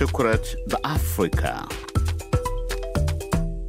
ትኩረት በአፍሪካ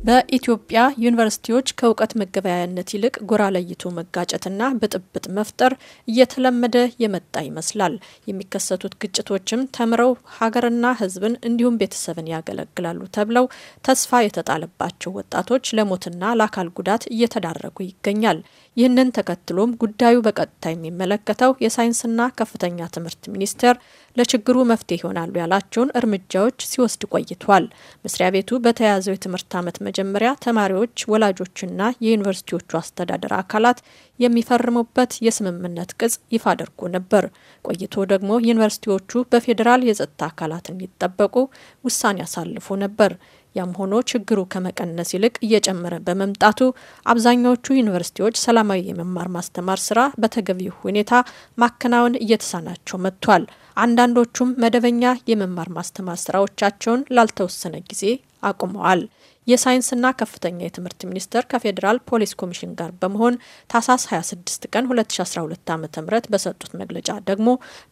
በኢትዮጵያ ዩኒቨርሲቲዎች ከእውቀት መገበያያነት ይልቅ ጎራ ለይቶ መጋጨትና ብጥብጥ መፍጠር እየተለመደ የመጣ ይመስላል። የሚከሰቱት ግጭቶችም ተምረው ሀገርና ሕዝብን እንዲሁም ቤተሰብን ያገለግላሉ ተብለው ተስፋ የተጣለባቸው ወጣቶች ለሞትና ለአካል ጉዳት እየተዳረጉ ይገኛል። ይህንን ተከትሎም ጉዳዩ በቀጥታ የሚመለከተው የሳይንስና ከፍተኛ ትምህርት ሚኒስቴር ለችግሩ መፍትሄ ይሆናሉ ያላቸውን እርምጃዎች ሲወስድ ቆይቷል። መስሪያ ቤቱ በተያያዘው የትምህርት ዓመት መጀመሪያ ተማሪዎች፣ ወላጆችና የዩኒቨርሲቲዎቹ አስተዳደር አካላት የሚፈርሙበት የስምምነት ቅጽ ይፋ አድርጎ ነበር። ቆይቶ ደግሞ ዩኒቨርሲቲዎቹ በፌዴራል የጸጥታ አካላት እንዲጠበቁ ውሳኔ አሳልፎ ነበር። ያም ሆኖ ችግሩ ከመቀነስ ይልቅ እየጨመረ በመምጣቱ አብዛኛዎቹ ዩኒቨርሲቲዎች ሰላማዊ የመማር ማስተማር ስራ በተገቢው ሁኔታ ማከናወን እየተሳናቸው መጥቷል። አንዳንዶቹም መደበኛ የመማር ማስተማር ስራዎቻቸውን ላልተወሰነ ጊዜ አቁመዋል። የሳይንስና ከፍተኛ የትምህርት ሚኒስቴር ከፌዴራል ፖሊስ ኮሚሽን ጋር በመሆን ታህሳስ 26 ቀን 2012 ዓ ም በሰጡት መግለጫ ደግሞ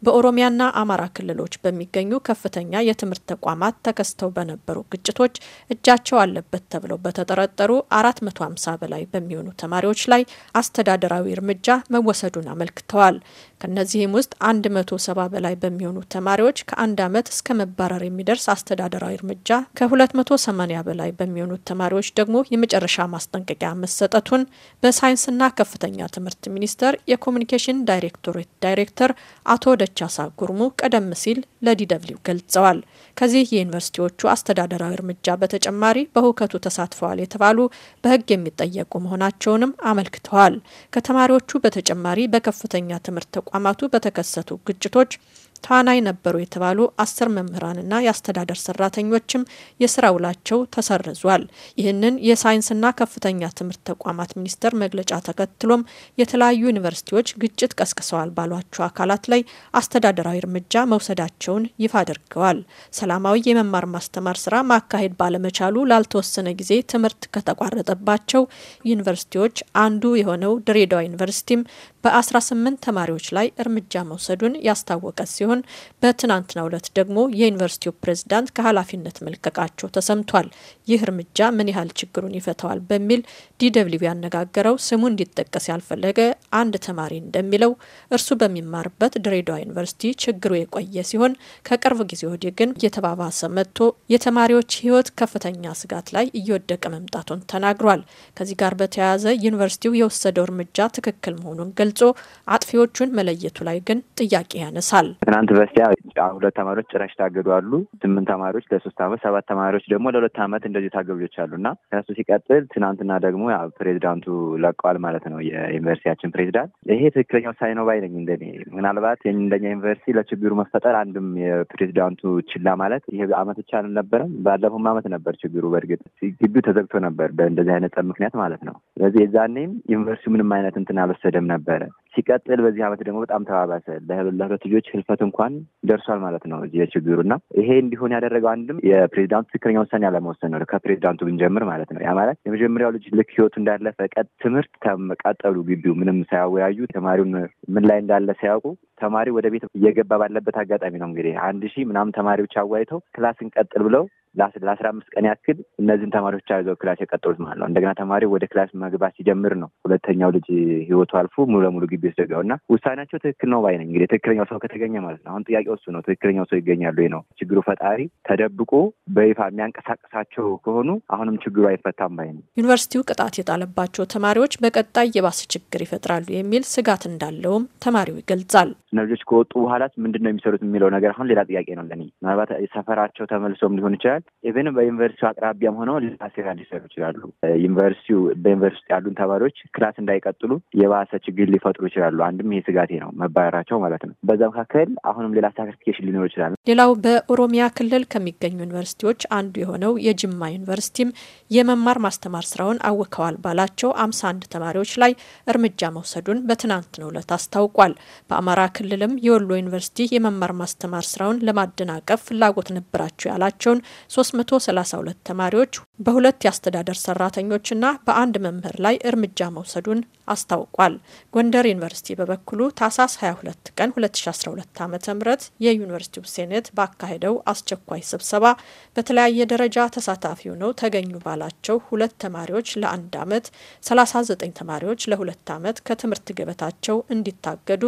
በኦሮሚያና አማራ ክልሎች በሚገኙ ከፍተኛ የትምህርት ተቋማት ተከስተው በነበሩ ግጭቶች እጃቸው አለበት ተብለው በተጠረጠሩ 450 በላይ በሚሆኑ ተማሪዎች ላይ አስተዳደራዊ እርምጃ መወሰዱን አመልክተዋል። ከነዚህም ውስጥ 170 በላይ በሚሆኑ ተማሪዎች ከአንድ ዓመት እስከ መባረር የሚደርስ አስተዳደራዊ እርምጃ ከ280 በላይ በሚሆኑ ለሚሆኑት ተማሪዎች ደግሞ የመጨረሻ ማስጠንቀቂያ መሰጠቱን በሳይንስና ከፍተኛ ትምህርት ሚኒስቴር የኮሚኒኬሽን ዳይሬክቶሬት ዳይሬክተር አቶ ደቻሳ ጉርሙ ቀደም ሲል ለዲደብሊው ገልጸዋል። ከዚህ የዩኒቨርሲቲዎቹ አስተዳደራዊ እርምጃ በተጨማሪ በሁከቱ ተሳትፈዋል የተባሉ በሕግ የሚጠየቁ መሆናቸውንም አመልክተዋል። ከተማሪዎቹ በተጨማሪ በከፍተኛ ትምህርት ተቋማቱ በተከሰቱ ግጭቶች ተዋናይ ነበሩ የተባሉ አስር መምህራንና የአስተዳደር ሰራተኞችም የስራ ውላቸው ተሰርዟል። ይህንን የሳይንስና ከፍተኛ ትምህርት ተቋማት ሚኒስቴር መግለጫ ተከትሎም የተለያዩ ዩኒቨርሲቲዎች ግጭት ቀስቅሰዋል ባሏቸው አካላት ላይ አስተዳደራዊ እርምጃ መውሰዳቸውን ይፋ አድርገዋል። ሰላማዊ የመማር ማስተማር ስራ ማካሄድ ባለመቻሉ ላልተወሰነ ጊዜ ትምህርት ከተቋረጠባቸው ዩኒቨርሲቲዎች አንዱ የሆነው ድሬዳዋ ዩኒቨርሲቲም በ18 ተማሪዎች ላይ እርምጃ መውሰዱን ያስታወቀ ሲሆን በትናንትናው ዕለት ደግሞ የዩኒቨርሲቲው ፕሬዝዳንት ከኃላፊነት መልቀቃቸው ተሰምቷል። ይህ እርምጃ ምን ያህል ችግሩን ይፈታዋል በሚል ዲደብሊው ያነጋገረው ስሙ እንዲጠቀስ ያልፈለገ አንድ ተማሪ እንደሚለው እርሱ በሚማርበት ድሬዳዋ ዩኒቨርሲቲ ችግሩ የቆየ ሲሆን ከቅርብ ጊዜ ወዲህ ግን እየተባባሰ መጥቶ የተማሪዎች ሕይወት ከፍተኛ ስጋት ላይ እየወደቀ መምጣቱን ተናግሯል። ከዚህ ጋር በተያያዘ ዩኒቨርሲቲው የወሰደው እርምጃ ትክክል መሆኑን ገልጿል። ገልጾ አጥፊዎቹን መለየቱ ላይ ግን ጥያቄ ያነሳል። ትናንት በስቲያ ሁለት ተማሪዎች ጭራሽ ታገዱ አሉ። ስምንት ተማሪዎች ለሶስት አመት፣ ሰባት ተማሪዎች ደግሞ ለሁለት አመት እንደዚህ ታገቢዎች አሉ እና ከሱ ሲቀጥል ትናንትና ደግሞ ፕሬዚዳንቱ ለቀዋል ማለት ነው የዩኒቨርሲቲያችን ፕሬዚዳንት። ይሄ ትክክለኛ ውሳኔ ነው ባይነኝ እንደኔ ምናልባት እንደኛ ዩኒቨርሲቲ ለችግሩ መፈጠር አንድም የፕሬዚዳንቱ ችላ ማለት ይሄ አመት ብቻ አልነበረም፣ ባለፈውም አመት ነበር ችግሩ። በእርግጥ ግቢው ተዘግቶ ነበር በእንደዚህ አይነት ምክንያት ማለት ነው። ስለዚህ የዛኔም ዩኒቨርሲቲ ምንም አይነት እንትን አልወሰደም ነበር ነበረ። ሲቀጥል በዚህ ዓመት ደግሞ በጣም ተባባሰ። ለሁለት ልጆች ህልፈት እንኳን ደርሷል ማለት ነው የችግሩ እና ይሄ እንዲሆን ያደረገው አንድም የፕሬዚዳንቱ ትክክለኛ ውሳኔ አለመወሰን ነው። ከፕሬዚዳንቱ ብንጀምር ማለት ነው። ያ ማለት የመጀመሪያው ልጅ ልክ ህይወቱ እንዳለፈ ቀጥ ትምህርት ከመቃጠሉ ግቢው ምንም ሳያወያዩ ተማሪውን ምን ላይ እንዳለ ሳያውቁ ተማሪ ወደ ቤት እየገባ ባለበት አጋጣሚ ነው እንግዲህ አንድ ሺህ ምናምን ተማሪዎች አዋይተው ክላስን ቀጥል ብለው ለአስራ አምስት ቀን ያክል እነዚህን ተማሪዎች አይዘው ክላስ የቀጠሉት ማለት ነው። እንደገና ተማሪው ወደ ክላስ መግባት ሲጀምር ነው ሁለተኛው ልጅ ህይወቱ አልፎ ሙሉ ለሙሉ ግቢ ስደጋው እና ውሳኔያቸው ትክክል ነው ባይነ እንግዲህ ትክክለኛው ሰው ከተገኘ ማለት ነው። አሁን ጥያቄው እሱ ነው፣ ትክክለኛው ሰው ይገኛሉ ነው ችግሩ። ፈጣሪ ተደብቆ በይፋ የሚያንቀሳቀሳቸው ከሆኑ አሁንም ችግሩ አይፈታም ባይነ ዩኒቨርሲቲው ቅጣት የጣለባቸው ተማሪዎች በቀጣይ የባሰ ችግር ይፈጥራሉ የሚል ስጋት እንዳለውም ተማሪው ይገልጻል። ልጆች ከወጡ በኋላት ምንድን ነው የሚሰሩት የሚለው ነገር አሁን ሌላ ጥያቄ ነው ለኔ። ምናልባት ሰፈራቸው ተመልሶም ሊሆን ይችላል ኢቨን በዩኒቨርሲቲው አቅራቢያም ሆነው ሌላ ሊሰሩ ይችላሉ። ዩኒቨርሲቲው በዩኒቨርሲቲ ውስጥ ያሉን ተማሪዎች ክላስ እንዳይቀጥሉ የባሰ ችግር ሊፈጥሩ ይችላሉ። አንድም ይሄ ስጋቴ ነው፣ መባረራቸው ማለት ነው። በዛ መካከል አሁንም ሌላ ሳክሪፊኬሽን ሊኖር ይችላል። ሌላው በኦሮሚያ ክልል ከሚገኙ ዩኒቨርሲቲዎች አንዱ የሆነው የጅማ ዩኒቨርሲቲም የመማር ማስተማር ስራውን አውከዋል ባላቸው አምሳ አንድ ተማሪዎች ላይ እርምጃ መውሰዱን በትናንትናው ዕለት አስታውቋል። በአማራ ክልልም የወሎ ዩኒቨርሲቲ የመማር ማስተማር ስራውን ለማደናቀፍ ፍላጎት ነበራቸው ያላቸውን 332 ተማሪዎች በሁለት የአስተዳደር ሰራተኞችና በአንድ መምህር ላይ እርምጃ መውሰዱን አስታውቋል። ጎንደር ዩኒቨርሲቲ በበኩሉ ታህሳስ 22 ቀን 2012 ዓ ም የዩኒቨርሲቲው ሴኔት ባካሄደው አስቸኳይ ስብሰባ በተለያየ ደረጃ ተሳታፊ ሆነው ተገኙ ባላቸው ሁለት ተማሪዎች ለአንድ ዓመት፣ 39 ተማሪዎች ለሁለት ዓመት ከትምህርት ገበታቸው እንዲታገዱ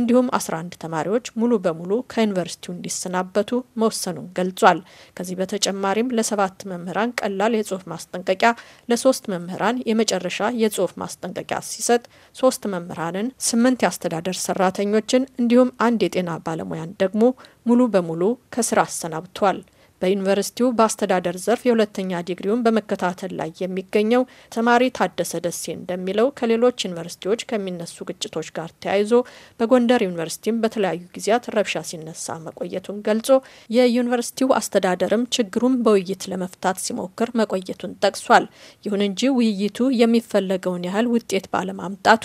እንዲሁም 11 ተማሪዎች ሙሉ በሙሉ ከዩኒቨርሲቲው እንዲሰናበቱ መወሰኑን ገልጿል። ከዚህ በተጨማሪም ለሰባት መምህራን ቀላል የጽሁፍ ማስጠንቀቂያ፣ ለሶስት መምህራን የመጨረሻ የጽሁፍ ማስጠንቀቂያ ሲሰጥ ሶስት መምህራንን፣ ስምንት የአስተዳደር ሰራተኞችን እንዲሁም አንድ የጤና ባለሙያን ደግሞ ሙሉ በሙሉ ከስራ አሰናብቷል። በዩኒቨርሲቲው በአስተዳደር ዘርፍ የሁለተኛ ዲግሪውን በመከታተል ላይ የሚገኘው ተማሪ ታደሰ ደሴ እንደሚለው ከሌሎች ዩኒቨርሲቲዎች ከሚነሱ ግጭቶች ጋር ተያይዞ በጎንደር ዩኒቨርሲቲም በተለያዩ ጊዜያት ረብሻ ሲነሳ መቆየቱን ገልጾ የዩኒቨርሲቲው አስተዳደርም ችግሩን በውይይት ለመፍታት ሲሞክር መቆየቱን ጠቅሷል። ይሁን እንጂ ውይይቱ የሚፈለገውን ያህል ውጤት ባለማምጣቱ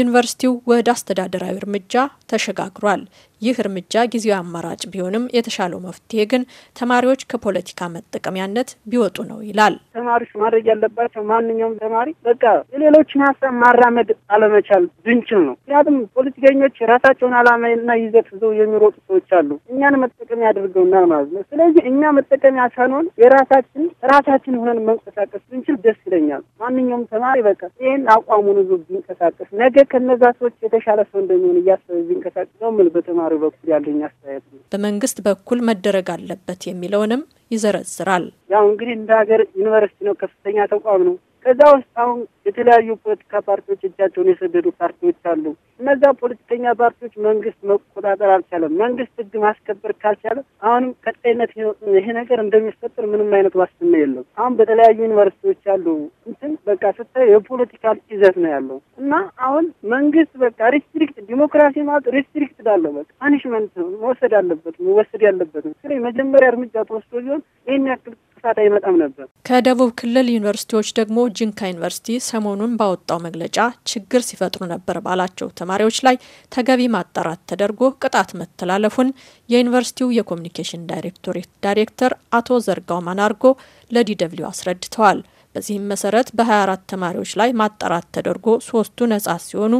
ዩኒቨርሲቲው ወደ አስተዳደራዊ እርምጃ ተሸጋግሯል። ይህ እርምጃ ጊዜያዊ አማራጭ ቢሆንም የተሻለው መፍትሄ ግን ተማሪዎች ከፖለቲካ መጠቀሚያነት ቢወጡ ነው ይላል። ተማሪዎች ማድረግ ያለባቸው ማንኛውም ተማሪ በቃ የሌሎችን ሀሳብ ማራመድ አለመቻል ብንችል ነው። ምክንያቱም ፖለቲከኞች የራሳቸውን አላማና ይዘት ይዘው የሚሮጡ ሰዎች አሉ። እኛን መጠቀሚያ አድርገውናል ማለት ነው። ስለዚህ እኛ መጠቀሚያ ሳንሆን የራሳችን ራሳችን ሆነን መንቀሳቀስ ብንችል ደስ ይለኛል። ማንኛውም ተማሪ በቃ ይህን አቋሙን ይዞ ቢንቀሳቀስ ነገ ከነዛ ሰዎች የተሻለ ሰው እንደሚሆን እያሰበ ቢንቀሳቀስ ነው ምል በተማሪ በተማሪ በኩል ያለኝ አስተያየት ነው። በመንግስት በኩል መደረግ አለበት የሚለውንም ይዘረዝራል። ያው እንግዲህ እንደ ሀገር ዩኒቨርሲቲ ነው፣ ከፍተኛ ተቋም ነው። ከዛ ውስጥ አሁን የተለያዩ ፖለቲካ ፓርቲዎች እጃቸውን የሰደዱ ፓርቲዎች አሉ። እነዛ ፖለቲከኛ ፓርቲዎች መንግስት መቆጣጠር አልቻለም። መንግስት ህግ ማስከበር ካልቻለ አሁንም ቀጣይነት ይሄ ነገር እንደሚፈጠር ምንም አይነት ዋስትና የለም። አሁን በተለያዩ ዩኒቨርሲቲዎች አሉ እንትን በቃ ስታይ የፖለቲካል ይዘት ነው ያለው እና አሁን መንግስት በቃ ሪስትሪክት ዲሞክራሲ ማለት ሪስትሪክት ዳለው በቃ ፓኒሽመንት መወሰድ አለበት መወሰድ ያለበት ስለ መጀመሪያ እርምጃ ተወስዶ ሲሆን ይህን ያክል ተከታታይ በጣም ነበር። ከደቡብ ክልል ዩኒቨርሲቲዎች ደግሞ ጂንካ ዩኒቨርሲቲ ሰሞኑን ባወጣው መግለጫ ችግር ሲፈጥሩ ነበር ባላቸው ተማሪዎች ላይ ተገቢ ማጣራት ተደርጎ ቅጣት መተላለፉን የዩኒቨርሲቲው የኮሚኒኬሽን ዳይሬክቶሬት ዳይሬክተር አቶ ዘርጋው ማናርጎ ለዲደብሊው አስረድተዋል። በዚህም መሰረት በ24 ተማሪዎች ላይ ማጣራት ተደርጎ ሶስቱ ነጻ ሲሆኑ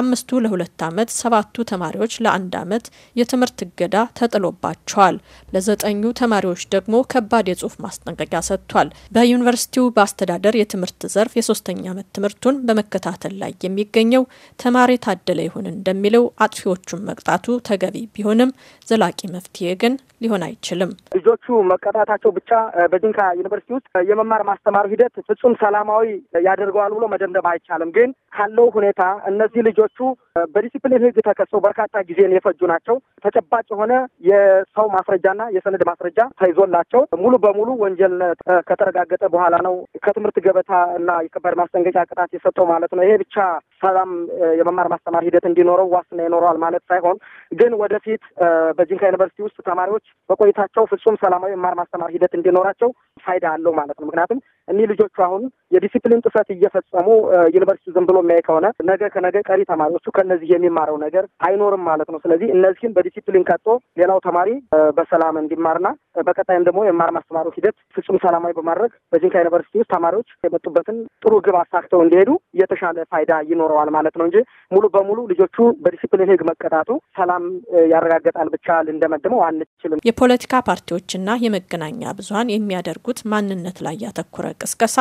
አምስቱ ለሁለት ዓመት፣ ሰባቱ ተማሪዎች ለአንድ ዓመት የትምህርት እገዳ ተጥሎባቸዋል። ለዘጠኙ ተማሪዎች ደግሞ ከባድ የጽሁፍ ማስጠንቀቂያ ሰጥቷል። በዩኒቨርሲቲው በአስተዳደር የትምህርት ዘርፍ የሶስተኛ ዓመት ትምህርቱን በመከታተል ላይ የሚገኘው ተማሪ ታደለ ይሁን እንደሚለው አጥፊዎቹን መቅጣቱ ተገቢ ቢሆንም ዘላቂ መፍትሄ ግን ሊሆን አይችልም። ልጆቹ መቀጣታቸው ብቻ በጂንካ ዩኒቨርሲቲ ውስጥ የመማር ማስተማሩ ሂደት ፍጹም ሰላማዊ ያደርገዋል ብሎ መደምደም አይቻልም። ግን ካለው ሁኔታ እነዚህ ልጆቹ በዲሲፕሊን ህግ ተከሰው በርካታ ጊዜን የፈጁ ናቸው። ተጨባጭ የሆነ የሰው ማስረጃና የሰነድ ማስረጃ ተይዞላቸው ሙሉ በሙሉ ወንጀል ከተረጋገጠ በኋላ ነው ከትምህርት ገበታ እና የከባድ ማስጠንቀቂያ ቅጣት የሰጠው ማለት ነው። ይሄ ብቻ ሰላም የመማር ማስተማር ሂደት እንዲኖረው ዋስና ይኖረዋል ማለት ሳይሆን ግን ወደፊት በጂንካ ዩኒቨርሲቲ ውስጥ ተማሪዎች በቆይታቸው ፍጹም ሰላማዊ የመማር ማስተማር ሂደት እንዲኖራቸው ፋይዳ አለው ማለት ነው። ምክንያቱም እኒህ ልጆቹ አሁን የዲሲፕሊን ጥሰት እየፈጸሙ ዩኒቨርሲቲ ዝም ብሎ የሚያይ ከሆነ ነገ ከነገ ቀሪ ተማሪዎቹ ከነዚህ የሚማረው ነገር አይኖርም ማለት ነው። ስለዚህ እነዚህን በዲሲፕሊን ቀጦ ሌላው ተማሪ በሰላም እንዲማርና በቀጣይም ደግሞ የማር ማስተማሩ ሂደት ፍጹም ሰላማዊ በማድረግ በጂንካ ዩኒቨርሲቲ ውስጥ ተማሪዎች የመጡበትን ጥሩ ግብ አሳክተው እንዲሄዱ የተሻለ ፋይዳ ይኖረዋል ማለት ነው እንጂ ሙሉ በሙሉ ልጆቹ በዲሲፕሊን ህግ መቀጣቱ ሰላም ያረጋገጣል ብቻ ልንደመድመው አንችልም። የፖለቲካ ፓርቲዎችና የመገናኛ ብዙሀን የሚያደርጉት ፍላጎት ማንነት ላይ ያተኮረ ቅስቀሳ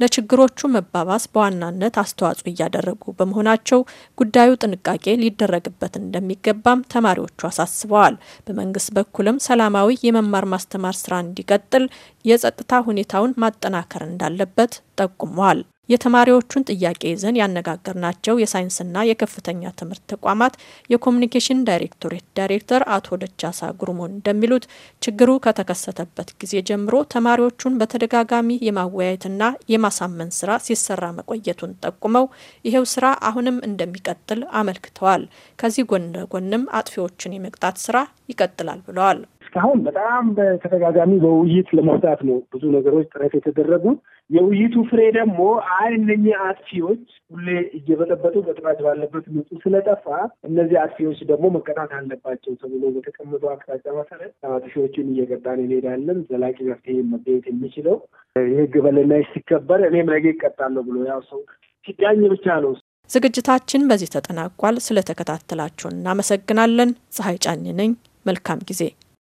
ለችግሮቹ መባባስ በዋናነት አስተዋጽኦ እያደረጉ በመሆናቸው ጉዳዩ ጥንቃቄ ሊደረግበት እንደሚገባም ተማሪዎቹ አሳስበዋል። በመንግስት በኩልም ሰላማዊ የመማር ማስተማር ስራ እንዲቀጥል የጸጥታ ሁኔታውን ማጠናከር እንዳለበት ጠቁመዋል። የተማሪዎቹን ጥያቄ ይዘን ያነጋገርናቸው የሳይንስና የከፍተኛ ትምህርት ተቋማት የኮሚኒኬሽን ዳይሬክቶሬት ዳይሬክተር አቶ ደቻሳ ጉርሞ እንደሚሉት ችግሩ ከተከሰተበት ጊዜ ጀምሮ ተማሪዎቹን በተደጋጋሚ የማወያየትና የማሳመን ስራ ሲሰራ መቆየቱን ጠቁመው ይሄው ስራ አሁንም እንደሚቀጥል አመልክተዋል። ከዚህ ጎን ለጎንም አጥፊዎችን የመቅጣት ስራ ይቀጥላል ብለዋል። እስካሁን በጣም በተደጋጋሚ በውይይት ለመፍታት ነው ብዙ ነገሮች ጥረት የተደረጉት የውይይቱ ፍሬ ደግሞ አይ እነኚህ አጥፊዎች ሁሌ እየበጠበጡ በጥራት ባለበት ምጡ ስለጠፋ እነዚህ አጥፊዎች ደግሞ መቀጣት አለባቸው ተብሎ በተቀመጡ አቅጣጫ መሰረት አጥፊዎችን እየቀጣን እንሄዳለን። ዘላቂ መፍትሄ መገኘት የሚችለው የህግ የበላይነት ሲከበር እኔም ነገ ይቀጣለሁ ብሎ ያው ሰው ሲዳኝ ብቻ ነው። ዝግጅታችን በዚህ ተጠናቋል። ስለተከታተላችሁን እናመሰግናለን። ፀሐይ ጫኝ ነኝ። መልካም ጊዜ